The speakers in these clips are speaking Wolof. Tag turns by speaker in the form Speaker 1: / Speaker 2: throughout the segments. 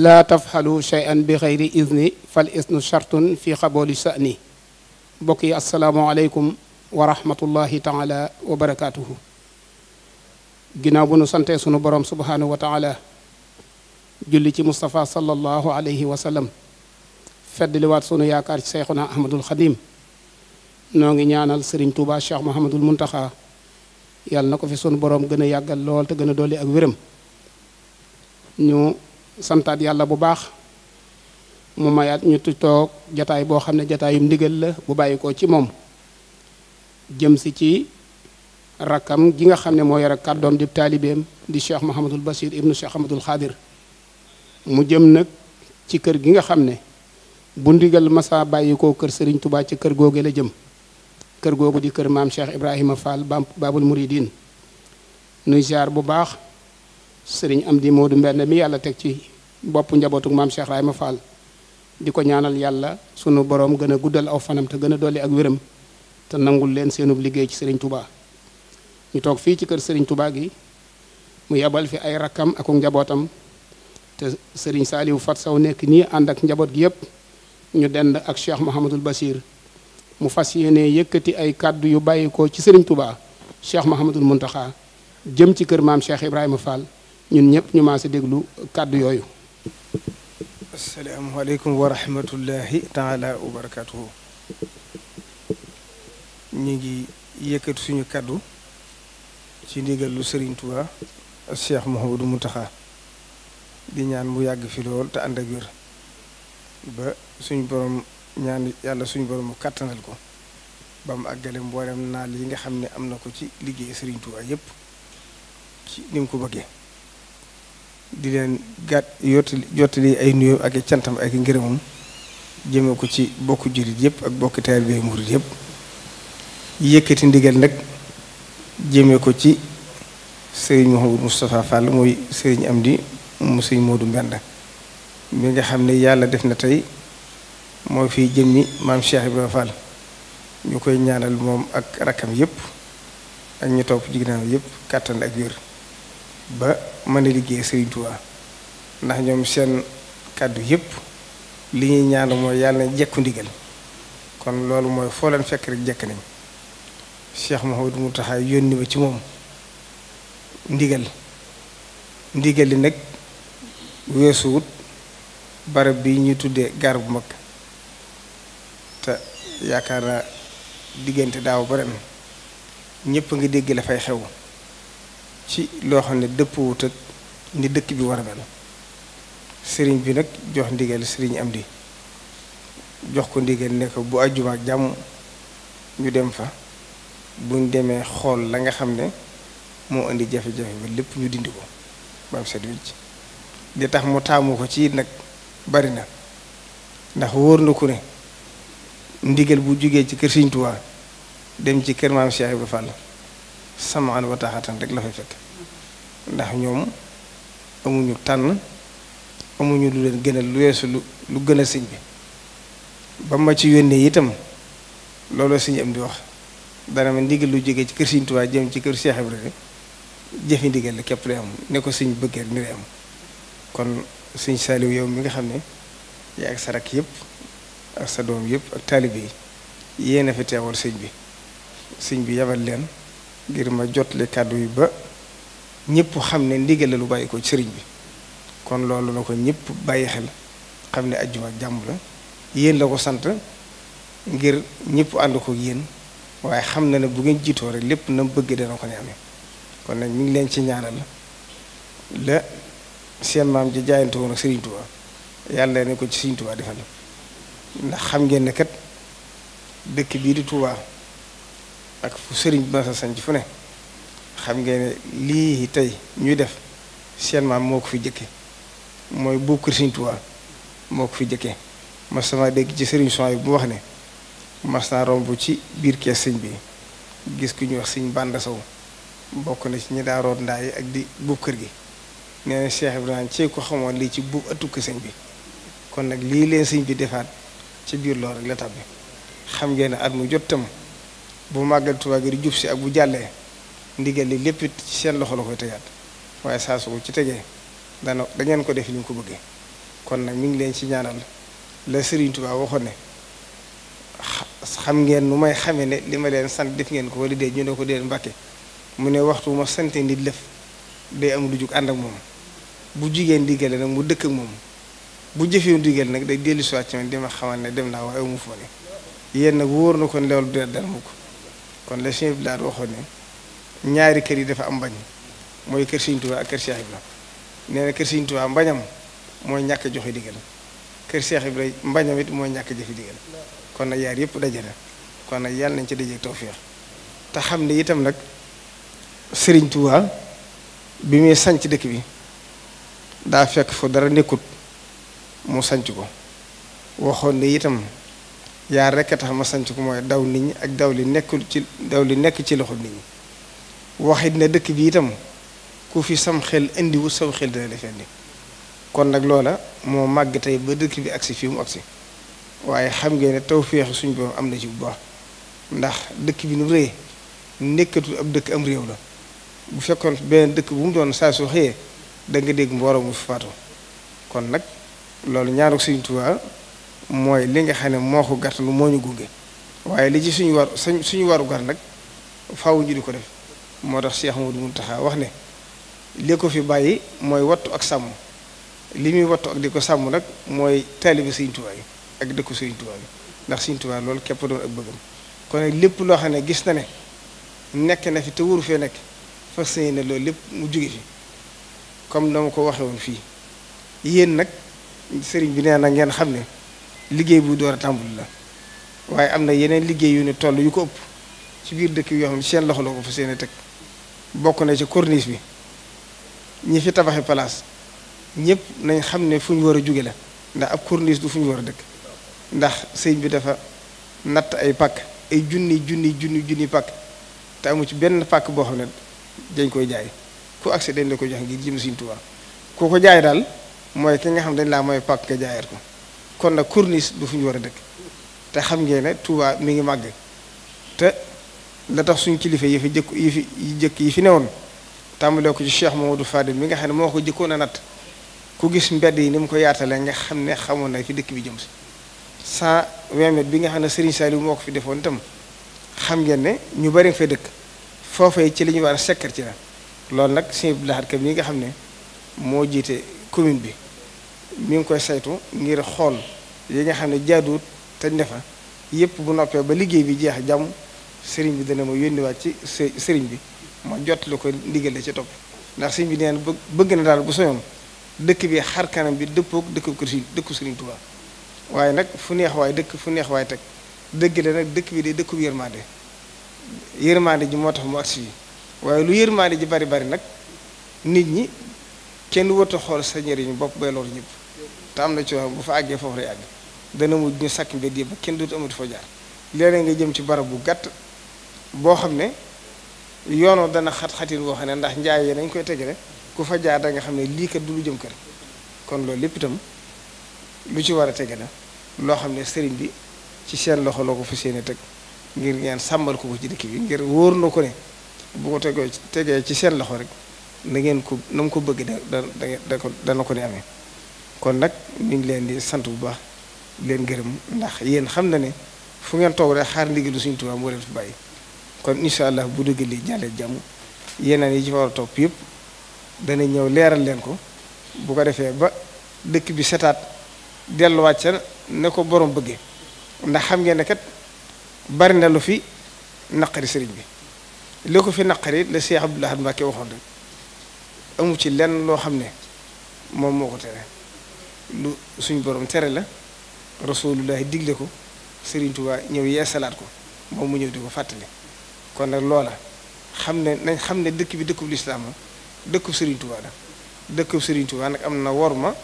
Speaker 1: laa tafxalu cheyan bi xeyri izni fal isnu chartun fi xabooli sa'ni mbokk yi asalaamualeykum wa rahmatullahi wa barakaatuhu ginnaaw bu nu santee sunu borom subhaanahu wa julli ci Moustapha sallallahu alayhi wa sallam feddliwaat sunu yaakaar ci seyxuna ahmadul xadim noo ngi ñaanal sëriñ Touba cheikh Mouhamadul Muntaxa yàlla na ko fi sunu borom gën a yàggal lool te gën a dolli ak wéram ñu santaat yàlla bu baax mu mayaat ñu toog jataay boo xam ne jataayum ndigal la bu bàyyi ko ci moom jëm si ci rakkam gi nga xam ne moo yore kàddoom di taalibeem di cheikh Mouhamadul Bachir ibnu cheikh Ahmadul Xaadir mu jëm nag ci kër gi nga xam ne bu ndigal masa bàyyi ko kër Serigne Touba ci kër googu la jëm kër googu di kër maam cheikh Ibrahima Fall Babul Mouridine nuy ziar bu baax sëriñ Serigne Amdi Modou Mbenn mi yàlla teg ci bopp njabootuk maam Cheikh Rahima Fall di ko ñaanal yàlla sunu borom gën a guddal aw fanam te gën a dolli ak wéram te nangul leen seenub liggéey ci Serigne Touba ñu toog fii ci kër sëriñ Touba gi mu yebal fi ay rakkam ak njabootam te sëriñ Saliou Fat Saw nekk nii ànd ak njaboot gi yëpp ñu dend ak Cheikh Mouhamadul Bachir mu fas yéene yëkkati ay kàddu yu bàyyikoo ci Serigne Touba Cheikh Mouhamadul Mountakha jëm ci kër maam Cheikh Ibrahima Fall ñun ñëpp ñu maase déglu kàddu yooyu. asalaamualeykum wa rahmatullahi taala wa
Speaker 2: barakatuhu ñu ngi yëkkati suñu kàddu ci ndigalu Serigne Touba Cheikh mu taxa di ñaan mu yàgg fi lool te ànd ak wér ba suñu borom ñaan yàlla suñu borom mu kàttanal ko ba mu àggale mboolem naa yi nga xam ne am na ko ci liggéey Serigne Touba yépp ci ni mu ko bëggee. di leen gàtt yottali jottali ay nuyoo ak cantam ak i ngërëmam jëme ko ci bokk jurit yëpp ak bokki taalibe murit yëpp yëkkati ndigal nag jëme ko ci sëriñ Mouhamadou Moustapha Fall mooy sëriñ Amdi mu sëriñ moodu Mbenda mi nga xam ne yàlla def na tey moo fi jëmmi maam Cheikh Ibrahima Fall ñu koy ñaanal moom ak rakkam yëpp ak ñu topp jigéen ñi yëpp kàttan ak wér. ba mën a liggéey Sëriñ Tuubaa ndax ñoom seen kàddu yépp li ñuy ñaan mooy yàlla na jekku ndigal kon loolu mooy foo leen fekk rek jekk nañ Cheikh mu Mountakha yónni ba ci moom ndigal ndigal li nag weesuwut barab bi ñu tuddee gaar bu mag te yaakaar na diggante daaw ba na ñépp a ngi dégg la fay xew ci loo xam ne dëppwut ak ni dëkk bi war a mel sëriñ bi nag jox ndigal sëriñ am di jox ko ndigal ne bu àjjuma ak jàmm ñu dem fa buñ demee xool la nga xam ne moo indi jafe-jafe ba lépp ñu dindi ko ba set wicc di tax mu taamu ko ci nag bari na ndax wóor na ku ne ndigal bu jógee ci kër Sëriñ Tuubaa dem ci kër maam Cheikh Ibra Fall samaan wa taxatan rek la fay fekk ndax ñoom amuñu tànn amuñu lu leen gënal lu weesu lu lu gënal sëñ bi ba ma ci yónnee itam looloo sëñ am di wax dana ma ndigal lu jógee ci kër sëñ Tuubaa jëm ci kër Cheikh Ibrahima jëfi ndigal la képp lay am ne sëñ bëggee ni lay am kon sëñ Saliou yow mi ngi xam ne yaa ak sa rakk yëpp ak sa doom yëpp ak taalibe yi yéen a fi teewal sëñ bi sëñ bi yabal leen ngir ma jotle kàddu yi ba ñëpp xam ne ndigal la lu bàyyi ko sëriñ bi kon loolu la ko ñëpp bàyyi xel xam ne ajjuma jàmm la yéen la ko sant ngir ñépp ànd ko yéen waaye xam na ne bu ngeen jiitoo rek lépp na mu bëgg dana ko ne amee kon nag ñu ngi leen ci ñaanal la seen maam ji jaayante woon ak sëriñ Tuubaa yàlla ne ko ci sëriñ Tuubaa defal ndax xam ngeen ne kat dëkk bii di Tuubaa ak fu sëriñ bi ma sa sanc fu ne xam ngeen ne lii tey ñuy def seen maam moo ko fi jëkke mooy bu kër siñ Tuubaa moo ko fi jëkke mas sama dégg ci sëriñ son yi bu wax ne mas naa romb ci biir kees sëñ bi gis ki ñuy wax sëñ Bànda Sow bokk na ci ñu daa root ndaa yi ak di buub kër gi nee na bi Ibrahima ci ko xamoon lii ci buub ëttu ko sëñ bi kon nag lii leen sëñ bi defaat ci biir lool rek la bi xam ngeen ne at mu jot tam bu màggal Tuubaa gi di jub si ak bu jàllee ndigal li lépp ci seen loxo la koy tegaat waaye saa su ci tegee dana dangeen ko def ni mu ko bëggee kon nag mi ngi leen ci ñaanal la Serigne Touba waxoon ne xam ngeen nu may xamee ne li ma leen sant def ngeen ko wala dee ñu ne ko dee mbàkke mu ne waxtu ma sante nit day am lu jug ànd moom bu jigéen digale nag mu dëkk moom bu jëfee digale nag day dellu si waat ci man dima xamal ne dem naa waaye mu foo ne nag wóor na kon loolu du dara mukk kon la chef daal waxoon ne. ñaari kër yi dafa am mbañ mooy kër Sëriñ Tuubaa ak kër Cheikh Ibra na kër Sëriñ mbañam mooy ñàkk joxe digal kër Cheikh Ibra mbañam it mooy ñàkk jëfe digal kon nag yaar yëpp daje na kon nag yàlla nañ ci daje tawféex te xam ne itam nag Sëriñ Tuubaa bi muy sañc dëkk bi daa fekk fu dara nekkut mu sanc ko waxoon ne itam yaar rekk a tax ma sanc ko mooy daw nit ñi ak daw li nekkul ci daw li nekk ci loxo nit ñi waxit na dëkk bi itam ku fi sam xel indiwu saw xel dina defe ni kon nag loola moo màgg tey ba dëkk bi agsi fii mu agsi waaye xam ngeen ne tawféexu suñ borom am na ci bu baax ndax dëkk bi nu rëy nekkatul ab dëkk am réew la bu fekkoon beneen dëkk bu mu doon saa soo xëyee da dégg mbooloo mu faatu kon nag loolu ñaaru Sëriñ Tuubaa mooy li nga xam ne moo ko gàttalu moo ñu gunge waaye li ci suñu war suñu waru gar nag faaw ñu di ko def moo tax Cheikh mu Mountakha wax ne li ko fi bàyyi mooy wattu ak sàmm li muy wattu ak di ko sàmm nag mooy taalibi Sëriñ Tuubaa yi ak dëkku Sëriñ Tuubaa yi ndax Sëriñ Tuubaa loolu képp bëggam kon nag lépp loo xam ne gis na ne nekk na fi te wóoru fee nekk fas yéene loolu lépp mu jóge comme dama ko waxe woon fii yéen nag sëriñ bi nee na ngeen xam ne liggéey bu door a tàmbali la waaye am na yeneen liggéey yu ne toll yu ko ëpp ci biir dëkk yoo xam ne seen loxo la ko fas yéene teg bokk na ci corniche bi ñi fi tabaxi place ñëpp nañ xam ne fu ñu war a jóge la ndax ab corniche du fu ñu war a dëkk ndax sëñ bi dafa natt ay pàkk ay junni junni junni junni pàkk te amu ci benn pàkk boo xam ne dañ koy jaay ku accès dañ la ko jox ngir jim siñ Tuubaa koo ko jaay daal mooy ki nga xam dañ laa mooy pàkk nga jaayaat ko kon nag corniche du fu ñu war a dëkk te xam ngeen ne Tuubaa mi ngi màgg te la tax suñu kilifa yi fi jëkk yi fi yi jëkk yi fi newoon tàmbalee ko ci Cheikh Mamadou Fadil mi nga xam ne moo ko jëkkoon a natt ku gis mbedd yi ni mu ko yaatalee nga xam ne xamoon na fi dëkk bi jëm si. 120 mètres bi nga xam ne Serigne moo ko fi defoon itam xam ngeen ne ñu bari nga dëkk foofee ci li ñu war loolu nag sëñ Abdou Lahad nga xam ne moo jiite commune bi mu ngi koy saytu ngir xool yi nga xam ne jaaduwut tañ defa fa yëpp bu noppee ba liggéey bi jeex jàmm. sëriñ bi dana ma yónniwaat ci sëriñ bi ma jottali ko ndigal la ci topp ndax sëriñ bi nee na bëgg na daal bu soñoon dëkk bi xar kanam bi dëppook dëkk ko si dëkku sëriñ Tuubaa waaye nag fu neex waay dëkk fu neex waay teg dëgg la nag dëkk bi de dëkku yërmande yërmande ji moo tax mu agsi yi waaye lu yërmande ji bari bari nag nit ñi kenn wërta xool sa njëriñu bopp bay loolu ñëpp te am na ci bu fa àggee foofu lay àgg dana mujj ñu sakk mbedd yi kenn dootu amatu fa jaar léeg nga jëm ci barab bu gàtt boo xam ne yoonoo dana xat-xatin boo xam ne ndax njaay yi dañ koy tegale ku fa jaar da nga xam ne lii kat du lu jëm kër kon loolu lépp itam lu ci war a tege na loo xam ne sëriñ bi ci seen loxo la ko fas yéene teg ngir ngeen sàmmal ko ko ci dëkk bi ngir wóor na ko ne bu ko tegee tegee ci seen loxo rek na ngeen ko na mu ko bëgg da da ko dana ko ne amee kon nag ñu ngi leen di sant bu baax leen gërëm ndax yéen xam na ne fu ngeen toog rek xaar ndigalu Sëriñ Tuubaa moo leen fi bàyyi. kon incha allah bu dëgg li jàllee jàmm yeneen yi ci war topp yëpp dana ñëw leeral leen ko bu ko defee ba dëkk bi setaat delluwaat ca ne ko borom bëgge ndax xam ngeen ne kat bari na lu fi naqari sëriñ bi li ko fi naqari la Cheikh Abdoul Ahad Mbacké waxoon rek amu ci lenn loo xam ne moom moo ko tere lu suñ borom tere la rasulullahi digle ko sëriñ ñëw yee salaat ko moom mu ñëw di ko fàttali kon nag loola xam ne nañ xam ne dëkk bi dëkkub lislaam dëkku dëkkub Serigne Touba la dëkkub nag am na worma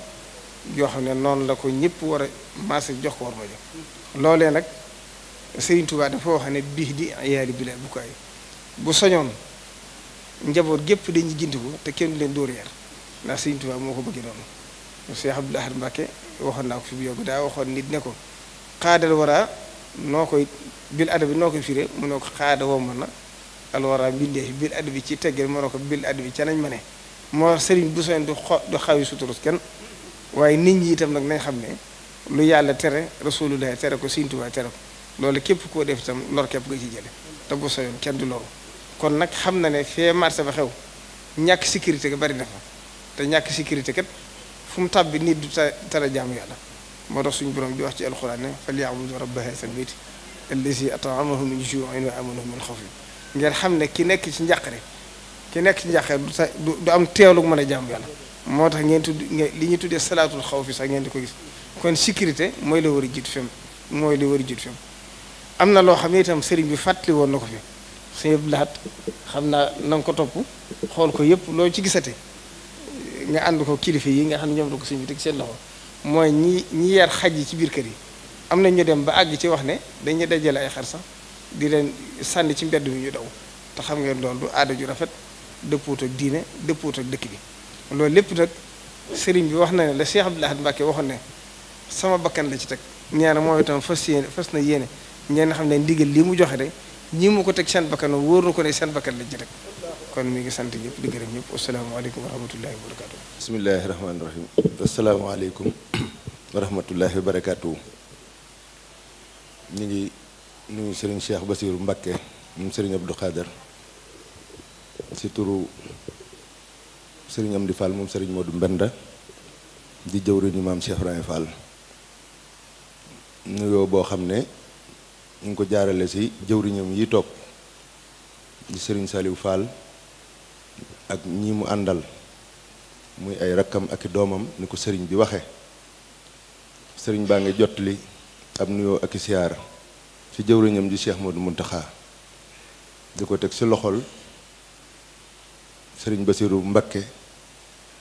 Speaker 2: yoo xam ne noonu la ko ñëpp war a maase jox ko war ma jox loolee nag Serigne Touba dafa wax ne biix di yaari bi bu ko ay bu soñoon njaboot gépp dañuy gindiku te kenn du leen dóor yar ndax Serigne Touba moo ko bëggee noonu Cheikh Abdoul Ahad Mbacké waxoon naa ko fi bu yóbbu daa waxoon nit ne ko xaadal wara noo koy bil adabi noo koy firé mu ne ko xaada woo mën na alwara mbindeef bil adabi ci teggeel mu ne ko bil adabi ca nañ ma ne moo sëriñ bu soñ du xo du xawi suturus kenn waaye nit ñi itam nag nañ xam ne lu yàlla tere rasulullah tere ko Sëriñ Tuubaa tere ko loolu képp koo def itam lor képp nga ci jële te bu soñoon kenn du loru kon nag xam na ne fee marché ba xew ñàkk sécurité ga bari na te ñàkk sécurité kat fu mu tàbbi nit du ta tara jaamu yàlla moo tax suñu borom di wax ci alxuraan ne falyabudu rabba haazal bayti allazi at'amahum min juu'in wa aamanahum min xawfin ngeen xam ne ki nekk ci njàqare ki nekk ci njàqare du sa du am teewlu mën a jàmm yàlla moo tax ngeen tudd li ñu tuddee salaatul xawfi sax ngeen di ko gis kon sécurité mooy la war a jiitu fem mooy la war a am na loo xam ne itam sëriñ bi fàttali woon na ko fi sëñ Abdou Lahad xam naa na ko topp xool ko yëpp loo ci gisate nga ànd ko kilifa yi nga xam ne ñoom la ko sëñ bi seen loxo mooy ñi ñi yar xaj yi ci biir kër yi am na ñu dem ba àgg ci wax ne dañuy dajale ay xar sax di leen sànni ci mbedd mi ñu daw te xam ngeen doon du aada ju rafet dëppoot ak diine dëppoot ak dëkk bi loolu lépp nag sëriñ bi wax na ne la Cheikh Abdoul Ahad Mbacké ne sama bakkan la ci teg ñaar mooy itam fas yéene fas na yéene ñeen xam ne ndigal lii mu joxe rek ñii mu ko teg seen bakkan wóor na ko ne seen bakkan la ci teg kon mi ngi sant ñëpp di gërëm ñëpp asalaamaaleykum wa rahmatullahi wa
Speaker 3: barakaatu. bismillahi ngi nuyu Serigne Cheikh Bassirou Mbacké moom Serigne Abdou Khader si turu Serigne Amdi Fall moom Serigne Modou Mbenda di jëwriñu maam Cheikh Ibrahima Fall. nuyoo boo xam ne ñu ngi ko jaarale si jëwriñam yi toog di Serigne Saliou Fall. ak ñi mu àndal muy ay rakkam ak doomam ni ko sëriñ bi waxe sëriñ baa ngi jot li ab nuyoo ak i siyaar ci jëwriñam ji Cheikh Modou Muntaxa di ko teg ci loxol sëriñ Basiru Mbakke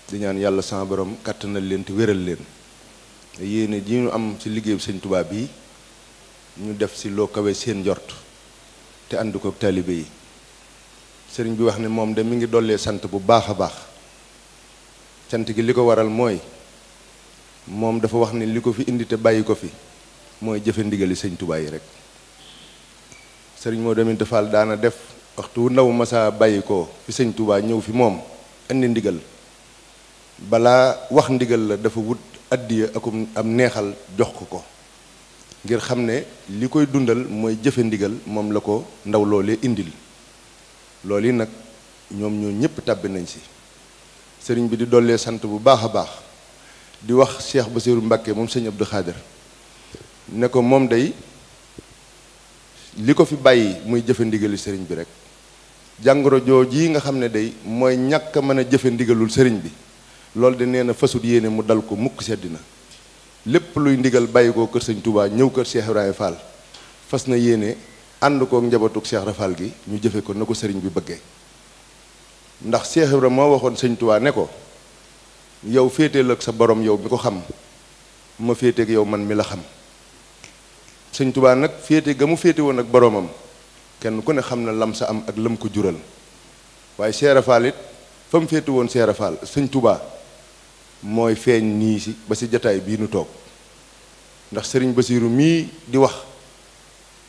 Speaker 3: di ñaan yàlla sama borom kàttanal leen te wéral leen yéene di ñu am ci liggéeyu sëñ Tuubaa bi ñu def ci loo kawee seen njort te ànd ko taalibe yi sëriñ bi wax ne moom de mi ngi dollee sant bu baax a baax sant gi li ko waral mooy moom dafa wax ne li ko fi indi te bàyyi ko fi mooy jëfe ndigali sëñ Tuubaa yi rek sëriñ Modou Aminta Fall daana def waxtu ndaw masaa bàyyi ko fi sëñ Tuubaa ñëw fi moom indi ndigal balaa wax ndigal la dafa wut addiya akum am neexal jox ko ko ngir xam ne li koy dundal mooy jëfe ndigal moom la ko ndaw loolee indil loolu yi nag ñoom ñoo ñëpp tàbbi nañ si sëriñ bi di dollee sant bu baax a baax di wax Cheikh Bassirou Mbacké moom sëñ Abdou Khadir ne ko moom day li ko fi bàyyi muy jëfe ndigalu sëriñ bi rek jàngoro joo ji nga xam ne day mooy ñàkk a mën a jëfe ndigalul sëriñ bi loolu de nee na fasut yéene mu dal ko mukk seddina lépp luy ndigal bàyyi koo kër sëñ Touba ñëw kër Cheikh Ibrahima Fall fas na yéene ànd kook njabootug Cheikh Rafal gi ñu jëfe ko na ko sëriñ bi bëggee ndax Cheikh Ibra moo waxoon sëñ Tuubaa ne ko yow féeteel ak sa boroom yow mi ko xam ma féeteeg yow man mi la xam sëñ Tuubaa nag féete ga mu féete woon ak boroomam kenn ku ne xam na lam sa am ak lam ko jural waaye Cheikh Rafal it fa mu féete woon Cheikh Rafal sëñ Tuubaa mooy feeñ nii si ba si jataay bii nu toog ndax sëriñ ba Basiiru mii di wax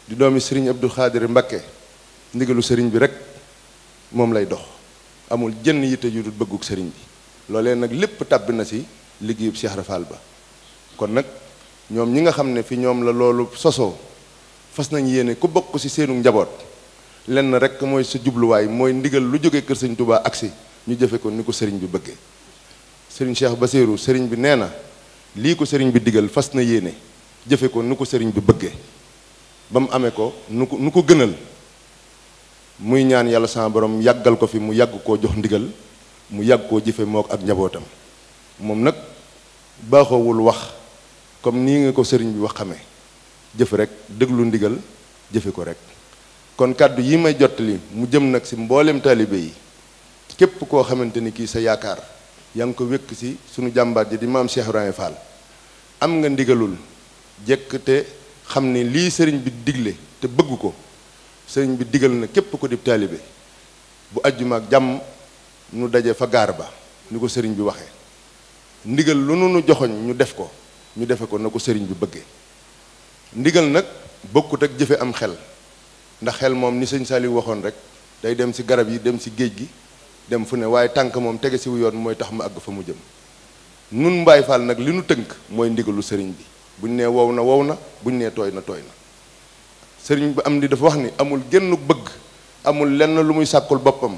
Speaker 3: di doomi sëriñ Abdou Khadir Mbakke ndigalu sëriñ bi rek moom lay dox amul jënn yitte ju dul bëgguk sëriñ bi loolee nag lépp tàbbi na si liggéeyub Cheikh Rafal ba kon nag ñoom ñi nga xam ne fi ñoom la loolu sosoo fas nañ yéene ku bokk si seenu njaboot lenn rek mooy sa jubluwaay mooy ndigal lu jóge kër sëñ Touba agsi ñu jëfe ko ni ko sëriñ bi bëggee sëriñ Cheikh Basirou sëriñ bi nee na lii ko sëriñ bi digal fas na yéene jëfe ko ni ko sëriñ bi bëggee ba mu amee ko nu ko nu ko gënal muy ñaan yàlla sama borom yàggal ko fi mu yàgg koo jox ndigal mu yàgg koo jëfe mook ak njabootam moom nag baaxoowul wax comme nii nga ko sëriñ bi wax xamee jëf rek déglu ndigal jëfe ko rek kon kàddu yi may jottali mu jëm nag si mbooleem taalibe yi képp koo xamante ni kii sa yaakaar yaa ngi ko wékk si sunu jàmbaar ji di maam Cheikh Ibrahima am nga ndigalul jekk te xam ni lii sëriñ bi digle te bëgg ko sëriñ bi digal na képp ko di taalibe bu àjjuma jàmm nu daje fa gaar ba ni ko sëriñ bi waxee ndigal lu nu nu joxoñ ñu def ko ñu defe ko na ko sëriñ bi bëggee ndigal nag bokkut ak jëfe am xel ndax xel moom ni sëñ Saliou waxoon rek day dem ci garab yi dem ci géej gi dem fu ne waaye tànk moom tege ci wu yoon mooy tax mu àgg fa mu jëm nun mbaay faal nag li nu tënk mooy ndigalu sëriñ bi buñ nee wow na wow na buñ nee tooy na tooy na sëriñ bi am di dafa wax ni amul genn bëgg amul lenn lu muy sàkkul boppam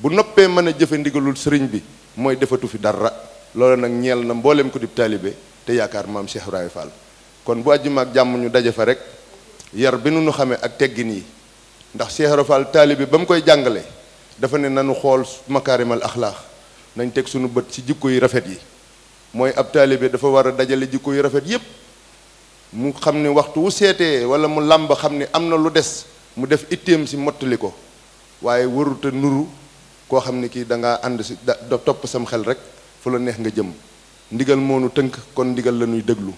Speaker 3: bu noppee mën a jëfe ndigalul sëriñ bi mooy defatu fi dara loolu nag ñeel na mboolem ko dib taalibe te yaakaar maam Cheikh Ibrahima Fall kon bu àjjuma ak jàmm ñu daje fa rek yar bi nu nu xamee ak teggin yi ndax Cheikh Ibrahima Fall taalibe ba mu koy jàngale dafa ne nanu xool makaarimal axlaax nañ teg sunu bët ci jikko yu rafet yi mooy ab taalibe dafa war a dajale jikko yu rafet yépp mu xam ne waxtu wu seetee wala mu làmb xam ne am na lu des mu def itteem si mottali ko waaye waruta nuru koo xam ne kii da ngaa ànd si topp sam xel rek fu la neex nga jëm ndigal moonu tënk kon ndigal la ñuy déglu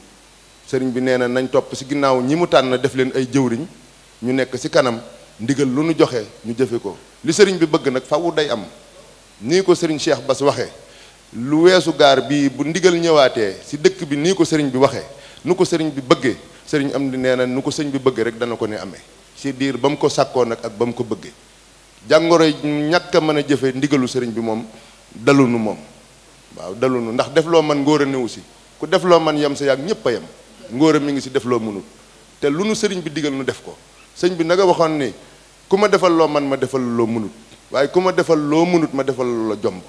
Speaker 3: sëriñ bi nee na nañ topp si ginnaaw ñi mu tànn def leen ay jëwriñ ñu nekk si kanam ndigal lu nu joxe ñu jëfe ko li sëriñ bi bëgg nag fawu day am nii ko sëriñ Cheikh Bass waxee lu weesu gaar bii bu ndigal ñëwaatee si dëkk bi nii ko sëriñ bi waxee nu ko sëriñ bi bëggee sëriñ am di nee na nu ko sëñ bi bëggee rek dana ko ne amee ci diir ba mu ko sàkkoo nag ak ba mu ko bëggee yi ñàkk a mën a jëfe ndigalu sëriñ bi moom nu moom waaw dalunu ndax def loo man ngóor a newu si ku def loo man yem sa yàgg ñëpp yem ngóor mi ngi si def mënul te lu nu sëriñ bi digal nu def ko sëñ bi nag a waxoon ni ku ma defal loo man ma defal loo mënut waaye ku ma defal loo mënut ma defal la jomb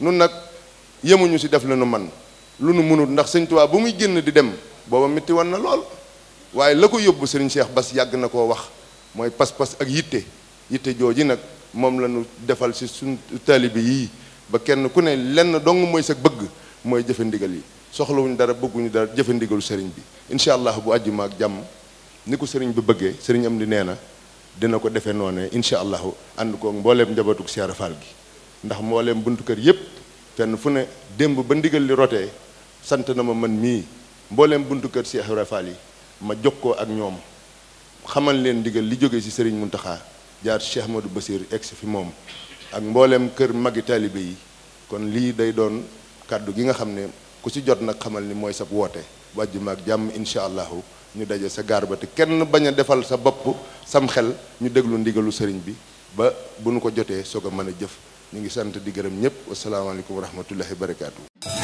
Speaker 3: nun nag yemuñu si def la nu man lu nu mënut ndax sëñ Tuubaa bu muy génn di dem booba métti wan na lool waaye la ko yóbbu sëriñ Cheikh Bass yàgg na koo wax mooy pas-pas ak yitte yitte jooji nag moom la defal si suñ taalibe yii ba kenn ku ne lenn dong mooy sa bëgg mooy jëfe ndigal yi soxlawuñu dara bëgguñu dara jëfe ndigalu sëriñ bi incha allah bu àjjuma ak jàmm ni ko sëriñ bi bëggee sëriñ am di nee na dina ko defee noonu incha allah ànd koog mbooleem njabootug Cheikh Fall gi ndax mbooleem buntu kër yépp fenn fu ne démb ba ndigal li sant na ma man mii mbooleem buntu kër Cheikh Ibra yi ma jokkoo ak ñoom xamal leen ndigal li jóge ci Serigne Mountakha jaar Cheikh Ahmadou Bassir ex fi moom ak mbooleem kër maggi taalibe yi kon lii day doon kàddu gi nga xam ne ku ci jot nag xamal ni mooy sab woote wàjju maak jàmm incha allahu ñu daje sa gaar ba te kenn bañ a defal sa bopp sam xel ñu déglu ndigalu sëriñ bi ba bu nu ko jotee soo a mën a jëf ñu ngi sant di gërëm ñëpp wasalaamaaleykum wa rahmatullahi wa